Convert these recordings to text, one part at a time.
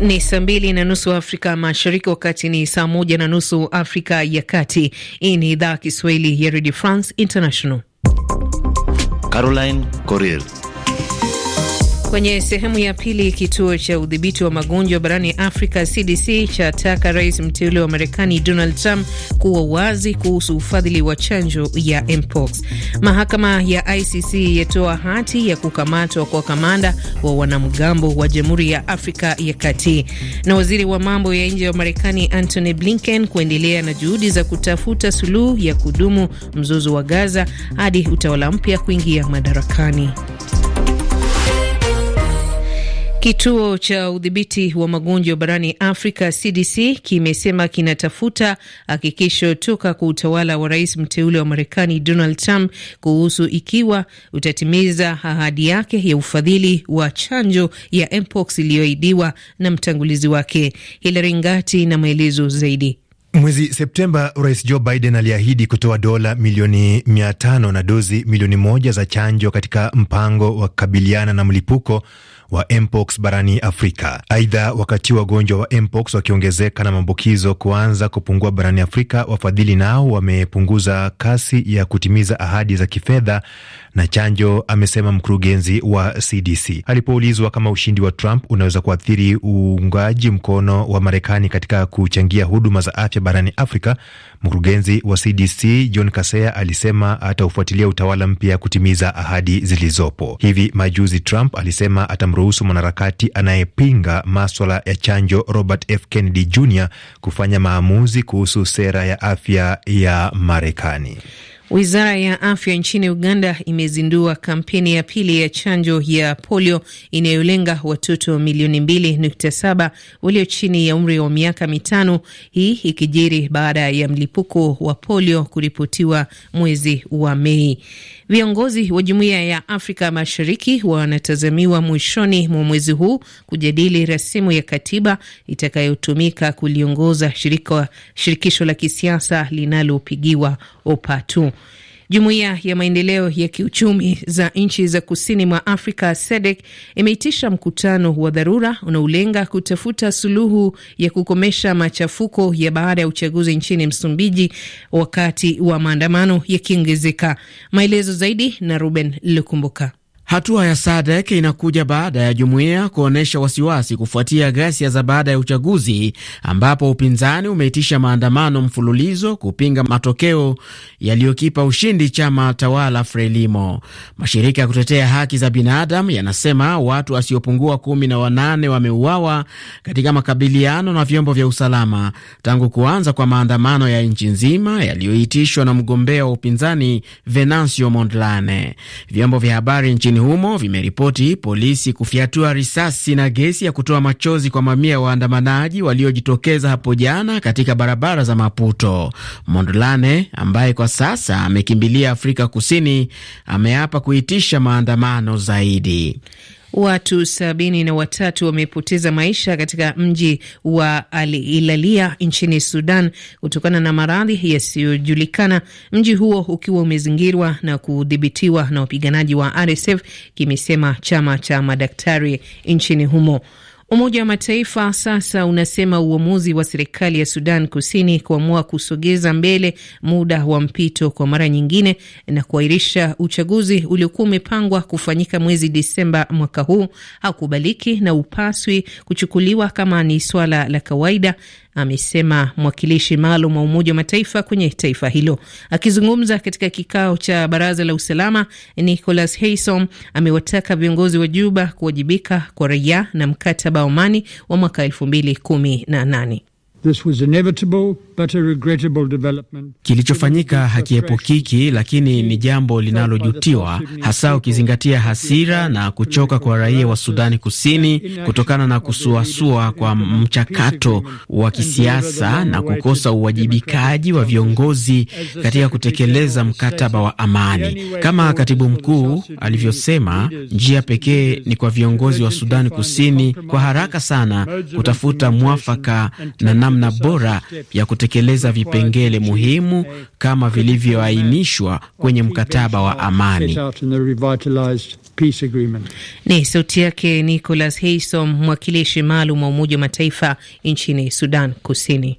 Ni saa mbili na nusu Afrika Mashariki, wakati ni saa moja na nusu Afrika ya Kati. Hii ni idhaa Kiswahili ya redio France International. Caroline Coril Kwenye sehemu ya pili, kituo cha udhibiti wa magonjwa barani Afrika CDC chataka rais mteule wa Marekani Donald Trump kuwa wazi kuhusu ufadhili wa chanjo ya mpox. Mahakama ya ICC yatoa hati ya kukamatwa kwa kamanda wa wanamgambo wa Jamhuri ya Afrika ya Kati, na waziri wa mambo ya nje wa Marekani Antony Blinken kuendelea na juhudi za kutafuta suluhu ya kudumu mzozo wa Gaza hadi utawala mpya kuingia madarakani. Kituo cha udhibiti wa magonjwa barani Afrika CDC kimesema kinatafuta hakikisho toka kwa utawala wa rais mteule wa Marekani Donald Trump kuhusu ikiwa utatimiza ahadi yake ya ufadhili wa chanjo ya mpox iliyoahidiwa na mtangulizi wake. Hilary Ngati na maelezo zaidi. Mwezi Septemba, Rais Joe Biden aliahidi kutoa dola milioni mia tano na dozi milioni moja za chanjo katika mpango wa kukabiliana na mlipuko wa mpox barani Afrika. Aidha, wakati wagonjwa wa mpox wakiongezeka na maambukizo kuanza kupungua barani Afrika, wafadhili nao wamepunguza kasi ya kutimiza ahadi za kifedha na chanjo, amesema mkurugenzi wa CDC alipoulizwa kama ushindi wa Trump unaweza kuathiri uungaji mkono wa Marekani katika kuchangia huduma za afya barani Afrika. Mkurugenzi wa CDC John Kaseya alisema ataufuatilia utawala mpya kutimiza ahadi zilizopo. Hivi majuzi Trump alisema atamruhusu mwanaharakati anayepinga maswala ya chanjo Robert F Kennedy Jr kufanya maamuzi kuhusu sera ya afya ya Marekani. Wizara ya afya nchini Uganda imezindua kampeni ya pili ya chanjo ya polio inayolenga watoto milioni mbili nukta saba walio chini ya umri wa miaka mitano, hii ikijiri baada ya mlipuko wa polio kuripotiwa mwezi wa Mei. Viongozi wa Jumuiya ya Afrika Mashariki wanatazamiwa mwishoni mwa mwezi huu kujadili rasimu ya katiba itakayotumika kuliongoza shirika, shirikisho la kisiasa linalopigiwa opatu. Jumuiya ya maendeleo ya kiuchumi za nchi za kusini mwa Afrika SADC imeitisha mkutano wa dharura unaolenga kutafuta suluhu ya kukomesha machafuko ya baada ya uchaguzi nchini Msumbiji, wakati wa maandamano yakiongezeka. Maelezo zaidi na Ruben Lukumbuka. Hatua ya SADC inakuja baada ya jumuiya kuonyesha wasiwasi kufuatia ghasia za baada ya uchaguzi ambapo upinzani umeitisha maandamano mfululizo kupinga matokeo yaliyokipa ushindi chama tawala Frelimo. Mashirika ya kutetea haki za binadamu yanasema watu wasiopungua kumi na wanane wameuawa katika makabiliano na vyombo vya usalama tangu kuanza kwa maandamano ya nchi nzima yaliyoitishwa na mgombea wa upinzani Venancio Mondlane. Vyombo vya habari nchini nchini humo vimeripoti polisi kufyatua risasi na gesi ya kutoa machozi kwa mamia ya waandamanaji waliojitokeza hapo jana katika barabara za Maputo. Mondlane ambaye kwa sasa amekimbilia Afrika Kusini ameapa kuitisha maandamano zaidi. Watu sabini na watatu wamepoteza maisha katika mji wa alilalia nchini Sudan kutokana na maradhi yasiyojulikana, mji huo ukiwa umezingirwa na kudhibitiwa na wapiganaji wa RSF, kimesema chama cha madaktari nchini humo. Umoja wa Mataifa sasa unasema uamuzi wa serikali ya Sudan Kusini kuamua kusogeza mbele muda wa mpito kwa mara nyingine na kuahirisha uchaguzi uliokuwa umepangwa kufanyika mwezi Disemba mwaka huu haukubaliki na upaswi kuchukuliwa kama ni swala la kawaida amesema mwakilishi maalum wa Umoja wa Mataifa kwenye taifa hilo. Akizungumza katika kikao cha Baraza la Usalama, Nicholas Haysom amewataka viongozi wa Juba kuwajibika kwa raia na mkataba wa amani wa mwaka elfu mbili kumi na nane. Kilichofanyika hakiepukiki, lakini ni jambo linalojutiwa, hasa ukizingatia hasira na kuchoka kwa raia wa Sudani Kusini kutokana na kusuasua kwa mchakato wa kisiasa na kukosa uwajibikaji wa viongozi katika kutekeleza mkataba wa amani. Kama katibu mkuu alivyosema, njia pekee ni kwa viongozi wa Sudani Kusini kwa haraka sana kutafuta mwafaka na namna bora ya kutekeleza vipengele muhimu kama vilivyoainishwa kwenye mkataba wa amani. Ni sauti yake Nicholas Haysom, mwakilishi maalum wa Umoja wa Mataifa nchini Sudan Kusini.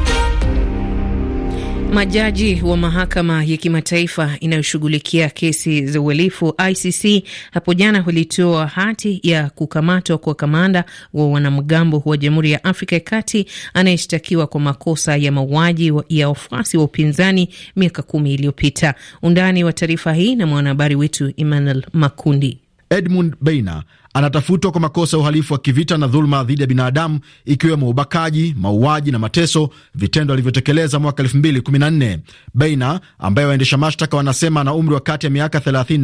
Majaji wa mahakama ya kimataifa inayoshughulikia kesi za uhalifu ICC hapo jana walitoa hati ya kukamatwa kwa kamanda wa wanamgambo wa Jamhuri ya Afrika ya Kati anayeshtakiwa kwa makosa ya mauaji ya wafuasi wa upinzani miaka kumi iliyopita. Undani wa taarifa hii na mwanahabari wetu Emmanuel Makundi. Edmund Beina anatafutwa kwa makosa ya uhalifu wa kivita na dhuluma dhidi ya binadamu ikiwemo ubakaji, mauaji na mateso, vitendo alivyotekeleza mwaka 2014. Beina ambaye waendesha mashtaka wanasema ana umri wa kati ya miaka 35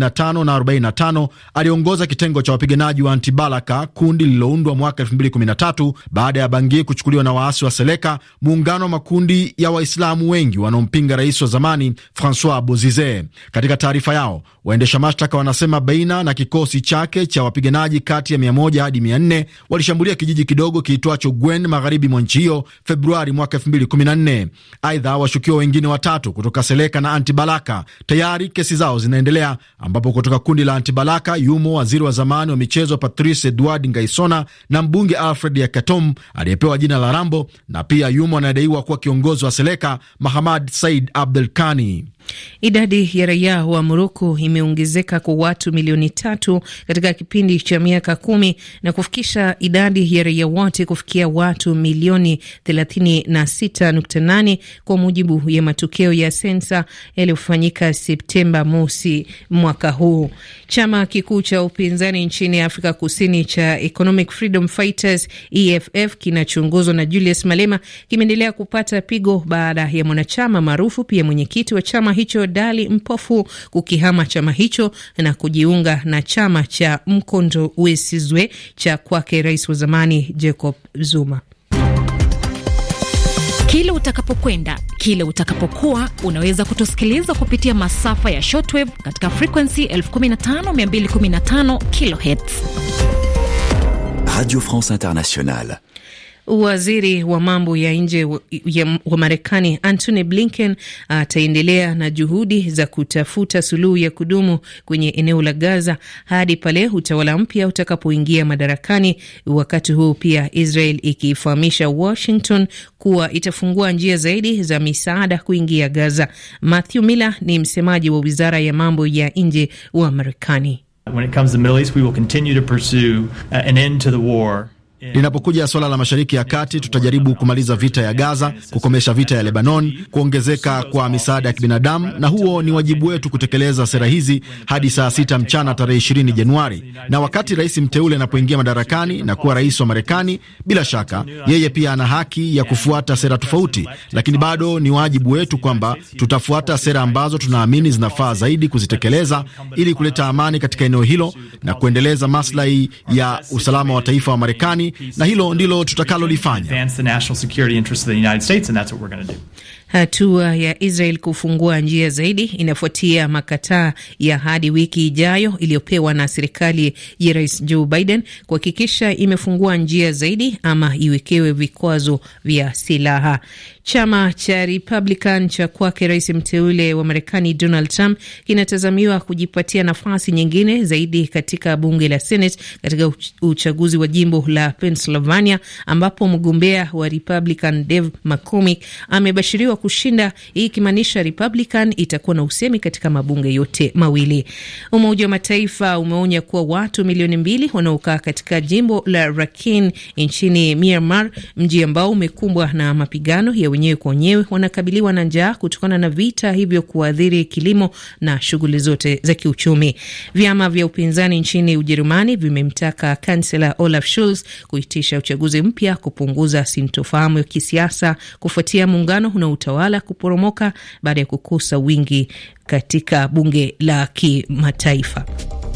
na 45, aliongoza kitengo cha wapiganaji wa Antibalaka, kundi lililoundwa mwaka 2013 baada ya Bangi kuchukuliwa na waasi wa Seleka, muungano wa makundi ya Waislamu wengi wanaompinga rais wa zamani Francois Bozize. Katika taarifa yao, waendesha mashtaka wanasema Beina na kikosi kikosi chake cha wapiganaji kati ya 100 hadi 400 walishambulia kijiji kidogo kiitwacho Gwen magharibi mwa nchi hiyo Februari mwaka 2014. Aidha, washukiwa wengine watatu kutoka Seleka na Antibalaka tayari kesi zao zinaendelea, ambapo kutoka kundi la Antibalaka yumo waziri wa zamani wa michezo Patrice Edward Ngaisona na mbunge Alfred Yakatom aliyepewa jina la Rambo, na pia yumo anayedaiwa kuwa kiongozi wa Seleka Mahamad Said Abdul Kani. Idadi ya raia wa Moroko imeongezeka kwa watu milioni tatu katika kipindi cha miaka kumi na kufikisha idadi ya raia wote kufikia watu milioni 36.8 kwa mujibu ya matokeo ya sensa yaliyofanyika Septemba mosi mwaka huu. Chama kikuu cha upinzani nchini Afrika Kusini cha Economic Freedom Fighters EFF kinachoongozwa na Julius Malema kimeendelea kupata pigo baada ya mwanachama maarufu pia mwenyekiti wa chama hicho Dali Mpofu kukihama chama hicho na kujiunga na chama cha Mkondo Wesizwe cha kwake rais wa zamani Jacob Zuma. Kile utakapokwenda kile utakapokuwa unaweza kutusikiliza kupitia masafa ya shortwave katika frequency 15215 kilohertz. Radio France Internationale. Waziri wa mambo ya nje wa Marekani Antony Blinken ataendelea na juhudi za kutafuta suluhu ya kudumu kwenye eneo la Gaza hadi pale utawala mpya utakapoingia madarakani, wakati huu pia Israel ikifahamisha Washington kuwa itafungua njia zaidi za misaada kuingia Gaza. Matthew Miller ni msemaji wa wizara ya mambo ya nje wa Marekani. Linapokuja swala la Mashariki ya Kati, tutajaribu kumaliza vita ya Gaza, kukomesha vita ya Lebanon, kuongezeka kwa misaada ya kibinadamu, na huo ni wajibu wetu kutekeleza sera hizi hadi saa sita mchana tarehe 20 Januari. Na wakati rais mteule anapoingia madarakani na kuwa rais wa Marekani, bila shaka yeye pia ana haki ya kufuata sera tofauti, lakini bado ni wajibu wetu kwamba tutafuata sera ambazo tunaamini zinafaa zaidi kuzitekeleza ili kuleta amani katika eneo hilo na kuendeleza maslahi ya usalama wa taifa wa Marekani na hilo ndilo tutakalolifanya. Hatua ya Israel kufungua njia zaidi inafuatia makataa ya hadi wiki ijayo iliyopewa na serikali ya Rais Joe Biden kuhakikisha imefungua njia zaidi ama iwekewe vikwazo vya silaha. Chama cha Republican cha kwake rais mteule wa Marekani Donald Trump kinatazamiwa kujipatia nafasi nyingine zaidi katika bunge la Senate katika uchaguzi wa jimbo la Pennsylvania ambapo mgombea wa Republican Dave McCormick amebashiriwa kushinda, hii ikimaanisha Republican itakuwa na usemi katika mabunge yote mawili. Umoja wa Mataifa umeonya kuwa watu milioni mbili wanaokaa katika jimbo la Rakhine nchini Myanmar, mji ambao umekumbwa na mapigano ya wenyewe kwa wenyewe, wanakabiliwa na njaa kutokana na vita hivyo kuathiri kilimo na shughuli zote za kiuchumi. Vyama vya upinzani nchini Ujerumani vimemtaka kansela Olaf Scholz kuitisha uchaguzi mpya kupunguza sintofahamu ya kisiasa kufuatia muungano unao utawala kuporomoka baada ya kukosa wingi katika bunge la kimataifa.